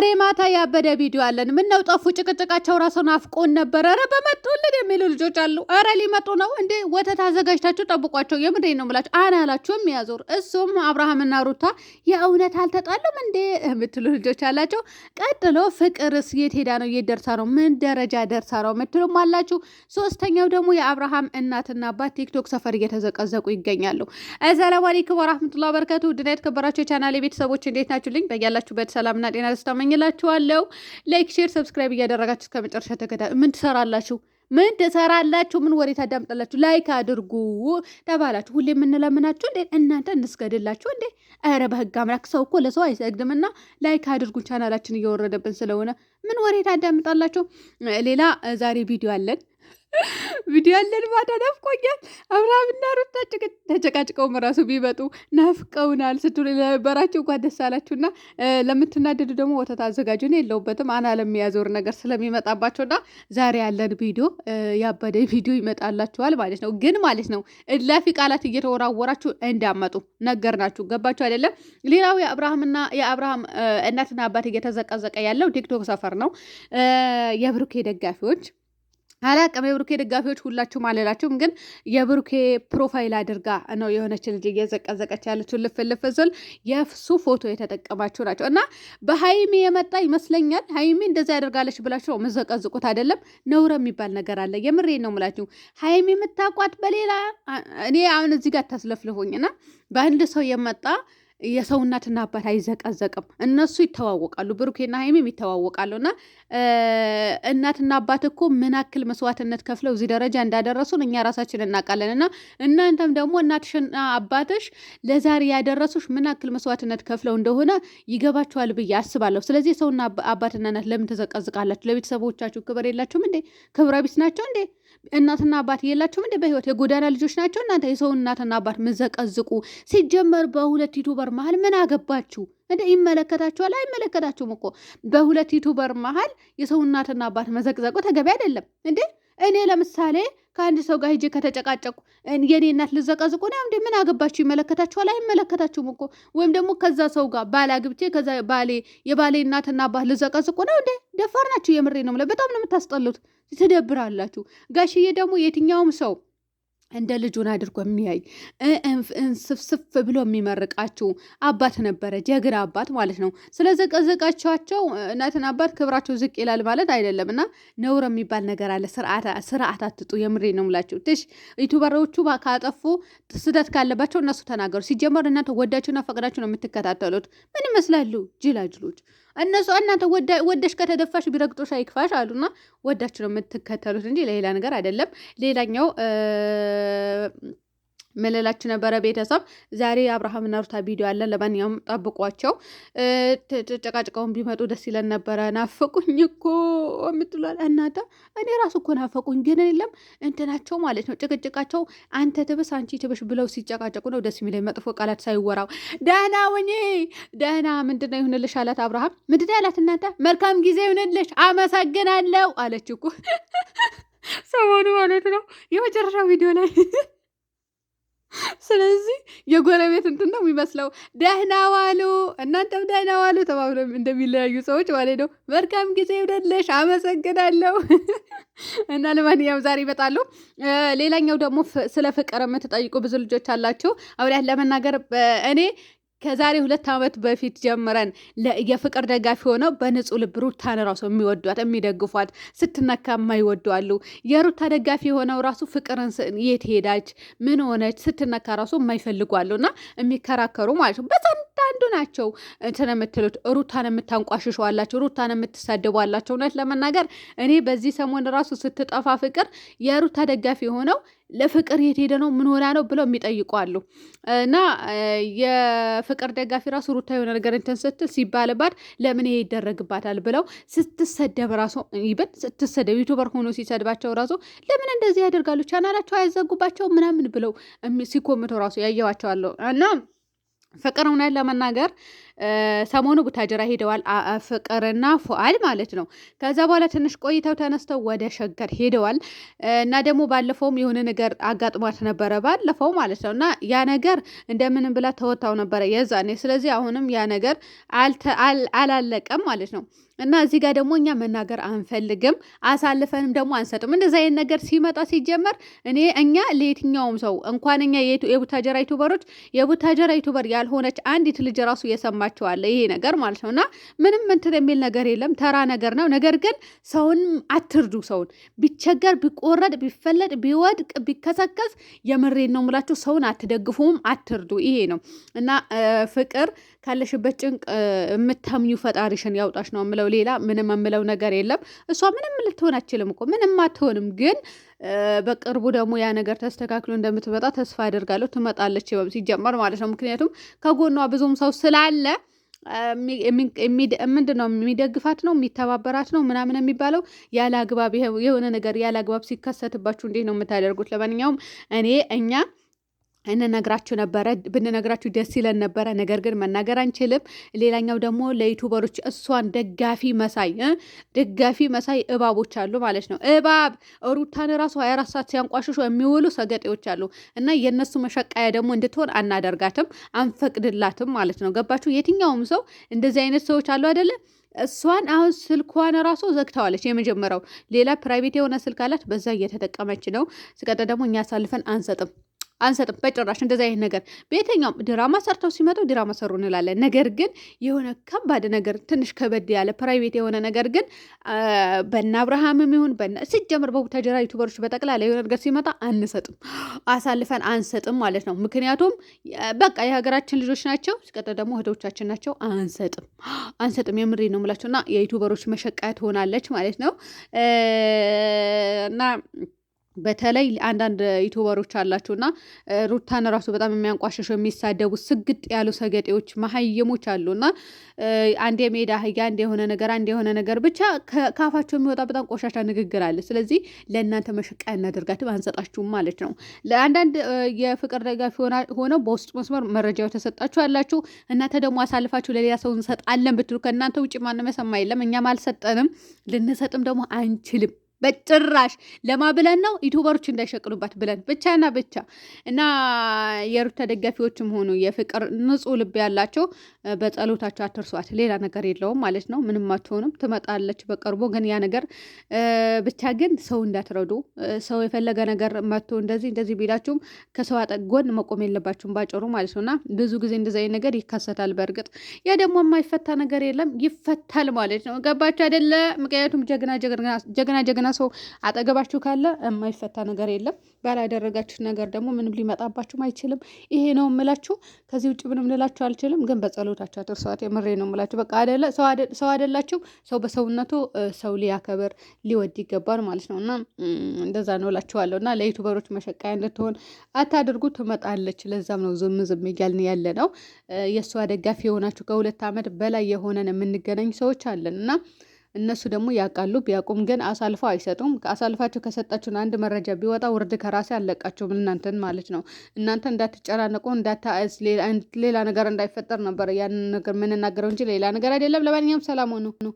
ዛሬ ማታ ያበደ ቪዲዮ አለን። ምን ነው ጠፉ? ጭቅጭቃቸው ራሱን አፍቆን ነበር። ኧረ በመጡልን የሚሉ ልጆች አሉ። ኧረ ሊመጡ ነው እንዴ? ወተት አዘጋጅታችሁ ጠብቋቸው። የምንድን ነው ምላቸው? አና አናላችሁም ያዞር። እሱም አብርሃምና ሩታ የእውነት አልተጣሉም እንዴ የምትሉ ልጆች አላቸው። ቀጥሎ ፍቅርስ የት ሄዳ ነው? የት ደርሳ ነው? ምን ደረጃ ደርሳ ነው የምትሉም አላችሁ። ሶስተኛው ደግሞ የአብርሃም እናትና አባት ቲክቶክ ሰፈር እየተዘቀዘቁ ይገኛሉ። አሰላሙ አለይኩም ወራህመቱላ በረከቱ። ድና የተከበራቸው የቻናሌ ቤተሰቦች እንዴት ናችሁ? ልኝ በያላችሁበት ሰላምና ጤና ደስታመኝ እንገናኝ እላችኋለሁ። ላይክ፣ ሼር፣ ሰብስክራይብ እያደረጋችሁ እስከ መጨረሻ ተከታ ምን ትሰራላችሁ? ምን ትሰራላችሁ? ምን ወሬ ታዳምጣላችሁ? ላይክ አድርጉ ተባላችሁ። ሁሌ የምንለምናችሁ እንዴ እናንተ እንስገድላችሁ እንዴ? ኧረ በህግ አምላክ ሰው እኮ ለሰው አይሰግድምና ላይክ አድርጉ። ቻናላችን እየወረደብን ስለሆነ ምን ወሬ ታዳምጣላችሁ? ሌላ ዛሬ ቪዲዮ አለን ቪዲዮ ያለን ማታ ናፍቆኛል። አብርሃምና ሩታ ተጨቃጭቀውም ራሱ ቢመጡ ናፍቀውናል ስትሉ የነበራችሁ እንኳን ደስ አላችሁና ለምትናደዱ ደግሞ ወተት አዘጋጁ። ነው የለውበትም አና ለሚያዞር ነገር ስለሚመጣባቸውና ዛሬ ያለን ቪዲዮ ያበደ ቪዲዮ ይመጣላችኋል ማለት ነው። ግን ማለት ነው እላፊ ቃላት እየተወራወራችሁ እንዳመጡ ነገር ናችሁ። ገባችሁ አይደለም? ሌላው የአብርሃምና የአብርሃም እናትና አባት እየተዘቀዘቀ ያለው ቲክቶክ ሰፈር ነው የብሩኬ ደጋፊዎች አላቅም የብሩኬ ደጋፊዎች ሁላችሁም አልላችሁም፣ ግን የብሩኬ ፕሮፋይል አድርጋ ነው የሆነች ልጅ እየዘቀዘቀች ያለችው። ልፍ ልፍ ስል የሱ ፎቶ የተጠቀማችሁ ናቸው እና በሀይሚ የመጣ ይመስለኛል። ሀይሚ እንደዚ ያደርጋለች ብላችሁ ነው አይደለም። ነውረ የሚባል ነገር አለ። የምሬ ነው ምላችሁ። ሀይሚ የምታቋት በሌላ እኔ አሁን እዚህ ጋር ታስለፍልፎኝ እና በአንድ ሰው የመጣ የሰው እናትና አባት አይዘቀዘቅም። እነሱ ይተዋወቃሉ፣ ብሩኬና ሀይሜም ይተዋወቃሉ። እና እናትና አባት እኮ ምን አክል መስዋዕትነት ከፍለው እዚህ ደረጃ እንዳደረሱን እኛ ራሳችን እናውቃለን። እና እናንተም ደግሞ እናትሽና አባትሽ ለዛሬ ያደረሱሽ ምን አክል መስዋዕትነት ከፍለው እንደሆነ ይገባችኋል ብዬ አስባለሁ። ስለዚህ የሰውና አባትና እናት ለምን ተዘቀዝቃላችሁ? ለቤተሰቦቻችሁ ክብር የላችሁም እንዴ? ክብረ ቢስ ናቸው እንዴ? እናትና አባት የላቸውም እንደ በህይወት የጎዳና ልጆች ናቸው እናንተ የሰው እናትና አባት ምዘቀዝቁ ሲጀመር በሁለት ዩቱበር መሀል ምን አገባችሁ እንደ ይመለከታችኋል አይመለከታችሁም እኮ በሁለት ዩቱበር መሀል የሰው እናትና አባት መዘቅዘቁ ተገቢ አይደለም እንዴ እኔ ለምሳሌ ከአንድ ሰው ጋር ሄጄ ከተጨቃጨቁ የኔ እናት ልዘቀዝቁ ነው እንዴ? ምን አገባችሁ? ይመለከታችኋል? አይመለከታችሁም እኮ ወይም ደግሞ ከዛ ሰው ጋር ባል ግብቼ ከዛ ባሌ የባሌ እናትና አባት ልዘቀዝቁ ነው እንዴ? ደፋር ናችሁ። የምሬ ነው። በጣም ነው የምታስጠሉት። ትደብራላችሁ። ጋሽዬ ደግሞ የትኛውም ሰው እንደ ልጁን አድርጎ የሚያይ ስፍስፍ ብሎ የሚመርቃችሁ አባት ነበረ፣ ጀግና አባት ማለት ነው። ስለዘቀዘቃችኋቸው እናትን አባት ክብራቸው ዝቅ ይላል ማለት አይደለም። እና ነውር የሚባል ነገር አለ። ስርዓት አትጡ። የምሬ ነው የምላችሁ። ትሽ ዩቱበሮቹ ካጠፉ ስህተት ካለባቸው እነሱ ተናገሩ። ሲጀመር እናንተ ወዳችሁና ፈቅዳችሁ ነው የምትከታተሉት። ምን ይመስላሉ ጅላጅሎች? እነሱ እናንተ ወደሽ ከተደፋሽ ቢረግጦሽ አይክፋሽ አሉና ወዳችሁ ነው የምትከተሉት እንጂ ለሌላ ነገር አይደለም። ሌላኛው መለላችሁ ነበረ ቤተሰብ ዛሬ አብርሃምና ሩታ ቪዲዮ አለን። ለማንኛውም ጠብቋቸው። ጨቃጭቃውን ቢመጡ ደስ ይለን ነበረ። ናፈቁኝ እኮ የምትሏል እናንተ። እኔ ራሱ እኮ ናፈቁኝ፣ ግን የለም እንትናቸው ማለት ነው ጭቅጭቃቸው። አንተ ትብስ አንቺ ትብሽ ብለው ሲጨቃጨቁ ነው ደስ የሚለኝ፣ መጥፎ ቃላት ሳይወራው። ደህና ሁኚ ደህና ምንድን ይሁንልሽ አላት አብርሃም። ምንድ ነው ያላት እናንተ? መልካም ጊዜ ይሁንልሽ፣ አመሰግናለሁ አለች እኮ ሰሞኑ ማለት ነው የመጨረሻው ቪዲዮ ላይ ስለዚህ የጎረቤት እንትን ነው የሚመስለው። ደህና ዋሉ እናንተም ደህና ዋሉ ተባብሎ እንደሚለያዩ ሰዎች ማለት ነው። መልካም ጊዜ ይሁንልሽ። አመሰግናለሁ። እና ለማንኛውም ዛሬ ይመጣሉ። ሌላኛው ደግሞ ስለ ፍቅር የምትጠይቁ ብዙ ልጆች አላችሁ። አሁን ለመናገር እኔ ከዛሬ ሁለት ዓመት በፊት ጀምረን የፍቅር ደጋፊ ሆነው በንጹህ ልብ ሩታን ራሱ የሚወዷት የሚደግፏት ስትነካ የማይወዷሉ። የሩታ ደጋፊ የሆነው ራሱ ፍቅርን የት ሄዳች ምን ሆነች ስትነካ ራሱ የማይፈልጓሉ የማይፈልጓሉና የሚከራከሩ ማለት ነው። በዛንዳንዱ ናቸው እንትን የምትሉት ሩታን የምታንቋሽሸዋላቸው፣ ሩታን የምትሳደቧላቸው። እውነት ለመናገር እኔ በዚህ ሰሞን ራሱ ስትጠፋ ፍቅር የሩታ ደጋፊ የሆነው ለፍቅር የት ሄደ ነው ምን ሆና ነው ብለው የሚጠይቁ አሉ። እና የፍቅር ደጋፊ ራሱ ሩታ የሆነ ነገር እንትን ስትል ሲባልባት ለምን ይሄ ይደረግባታል ብለው ስትሰደብ ራሱ ይበል ስትሰደብ ዩቱበር ሆኖ ሲሰድባቸው ራሱ ለምን እንደዚህ ያደርጋሉ ቻናላቸው አያዘጉባቸው ምናምን ብለው ሲኮምተው ራሱ ያየዋቸዋለሁ እና ፍቅር እውነት ለመናገር ሰሞኑ ቡታጅራ ሄደዋል ፍቅርና ፉአድ ማለት ነው። ከዛ በኋላ ትንሽ ቆይተው ተነስተው ወደ ሸገር ሄደዋል እና ደግሞ ባለፈውም የሆነ ነገር አጋጥሟት ነበረ ባለፈው ማለት ነው እና ያ ነገር እንደምንም ብላ ተወታው ነበረ የዛኔ። ስለዚህ አሁንም ያ ነገር አላለቀም ማለት ነው እና እዚህ ጋር ደግሞ እኛ መናገር አንፈልግም፣ አሳልፈንም ደግሞ አንሰጥም። እንደዚ አይነት ነገር ሲመጣ ሲጀመር እኔ እኛ ለየትኛውም ሰው እንኳን እኛ የቡታጀራ ዩቱበሮች የቡታጀራ ዩቱበር ያልሆነች አንዲት ልጅ ራሱ የሰማ ይገርማቸዋል ይሄ ነገር ማለት ነው። እና ምንም እንትን የሚል ነገር የለም ተራ ነገር ነው። ነገር ግን ሰውን አትርዱ። ሰውን ቢቸገር፣ ቢቆረጥ፣ ቢፈለጥ፣ ቢወድቅ፣ ቢከሰከስ የምሬን ነው የምላችሁ ሰውን አትደግፉም፣ አትርዱ። ይሄ ነው እና ፍቅር ካለሽበት ጭንቅ የምታምኙ ፈጣሪሽን ያውጣሽ ነው የምለው። ሌላ ምንም የምለው ነገር የለም። እሷ ምንም ልትሆን አችልም እኮ ምንም አትሆንም ግን በቅርቡ ደግሞ ያ ነገር ተስተካክሎ እንደምትመጣ ተስፋ አደርጋለሁ። ትመጣለች ሲጀመር ማለት ነው። ምክንያቱም ከጎኗ ብዙም ሰው ስላለ ምንድን ነው የሚደግፋት ነው የሚተባበራት ነው ምናምን የሚባለው ያለ አግባብ የሆነ ነገር ያለ አግባብ ሲከሰትባችሁ እንዴት ነው የምታደርጉት? ለማንኛውም እኔ እኛ እንነግራችሁ ነበረ ብንነግራችሁ ደስ ይለን ነበረ። ነገር ግን መናገር አንችልም። ሌላኛው ደግሞ ለዩቱበሮች እሷን ደጋፊ መሳይ ደጋፊ መሳይ እባቦች አሉ ማለት ነው። እባብ ሩታን ራሱ ሀያ አራት ሰዓት ሲያንቋሽሹ የሚውሉ ሰገጤዎች አሉ እና የእነሱ መሸቃያ ደግሞ እንድትሆን አናደርጋትም፣ አንፈቅድላትም ማለት ነው። ገባችሁ? የትኛውም ሰው እንደዚህ አይነት ሰዎች አሉ አይደለ? እሷን አሁን ስልኳን ራሱ ዘግተዋለች። የመጀመሪያው ሌላ ፕራይቬት የሆነ ስልክ አላት፣ በዛ እየተጠቀመች ነው። ስቀጥል ደግሞ እኛ አሳልፈን አንሰጥም አንሰጥም በጭራሽ። እንደዚህ አይነት ነገር በየትኛውም ድራማ ሰርተው ሲመጡ ድራማ ሰሩ እንላለን። ነገር ግን የሆነ ከባድ ነገር ትንሽ ከበድ ያለ ፕራይቬት የሆነ ነገር ግን በና አብርሃምም ይሁን በና ሲጀምር በቡታጀራ ዩቱበሮች በጠቅላላ የሆነ ነገር ሲመጣ አንሰጥም፣ አሳልፈን አንሰጥም ማለት ነው። ምክንያቱም በቃ የሀገራችን ልጆች ናቸው፣ ሲቀጥል ደግሞ እህቶቻችን ናቸው። አንሰጥም አንሰጥም፣ የምሬ ነው የምላቸው እና የዩቱበሮች መሸቃያ ትሆናለች ማለት ነው እና በተለይ አንዳንድ ዩቱበሮች አላቸው እና ሩታን ራሱ በጣም የሚያንቋሸሸው የሚሳደቡ ስግጥ ያሉ ሰገጤዎች መሀይሞች አሉ እና አንድ የሜዳ አህያ አንድ የሆነ ነገር አንድ የሆነ ነገር ብቻ ከአፋቸው የሚወጣ በጣም ቆሻሻ ንግግር አለ። ስለዚህ ለእናንተ መሸቃ እናደርጋትም አንሰጣችሁም ማለት ነው። ለአንዳንድ የፍቅር ደጋፊ ሆነው በውስጥ መስመር መረጃው ተሰጣችሁ አላችሁ። እናንተ ደግሞ አሳልፋችሁ ለሌላ ሰው እንሰጣለን ብትሉ ከእናንተ ውጭ ማንም የሰማ የለም። እኛም አልሰጠንም ልንሰጥም ደግሞ አንችልም። በጭራሽ ለማ ብለን ነው ዩቱበሮች እንዳይሸቅሉባት ብለን ብቻና ብቻ እና የሩት ደጋፊዎችም ሆኑ የፍቅር ንጹህ ልብ ያላቸው በጸሎታቸው አትርሷት። ሌላ ነገር የለውም ማለት ነው። ምንም አትሆንም፣ ትመጣለች በቅርቡ። ግን ያ ነገር ብቻ ግን ሰው እንዳትረዱ። ሰው የፈለገ ነገር መቶ እንደዚህ እንደዚህ ቢላችሁም ከሰው አጠጎን መቆም የለባችሁም ባጭሩ ማለት ነው። እና ብዙ ጊዜ እንደዚ ነገር ይከሰታል። በእርግጥ ያ ደግሞ የማይፈታ ነገር የለም፣ ይፈታል ማለት ነው። ገባችሁ አይደለ? ምክንያቱም ጀግና ጀግና ጀግና ገና ሰው አጠገባችሁ ካለ የማይፈታ ነገር የለም። ባላደረጋችሁ ነገር ደግሞ ምንም ሊመጣባችሁም አይችልም። ይሄ ነው የምላችሁ። ከዚህ ውጭ ምንም ልላችሁ አልችልም። ግን በጸሎታችሁ አትርሷት። የምሬ ነው የምላችሁ። በቃ ሰው አይደላችሁ። ሰው በሰውነቱ ሰው ሊያከብር ሊወድ ይገባል ማለት ነው እና እንደዛ ነው እላችኋለሁ። እና ለዩቱበሮች መሸቃያ እንድትሆን አታድርጉ። ትመጣለች። ለዛም ነው ዝም ዝም እያልን ያለ ነው። የእሷ ደጋፊ የሆናችሁ ከሁለት ዓመት በላይ የሆነን የምንገናኝ ሰዎች አለን እና እነሱ ደግሞ ያውቃሉ። ቢያውቁም ግን አሳልፈው አይሰጡም። አሳልፋቸው ከሰጣችሁን አንድ መረጃ ቢወጣ ውርድ ከራሴ አለቃችሁም እናንተን ማለት ነው። እናንተ እንዳትጨናነቁ እንዳታስ ሌላ ነገር እንዳይፈጠር ነበር ያንን ነገር የምንናገረው እንጂ ሌላ ነገር አይደለም። ለማንኛውም ሰላም ሆኑ።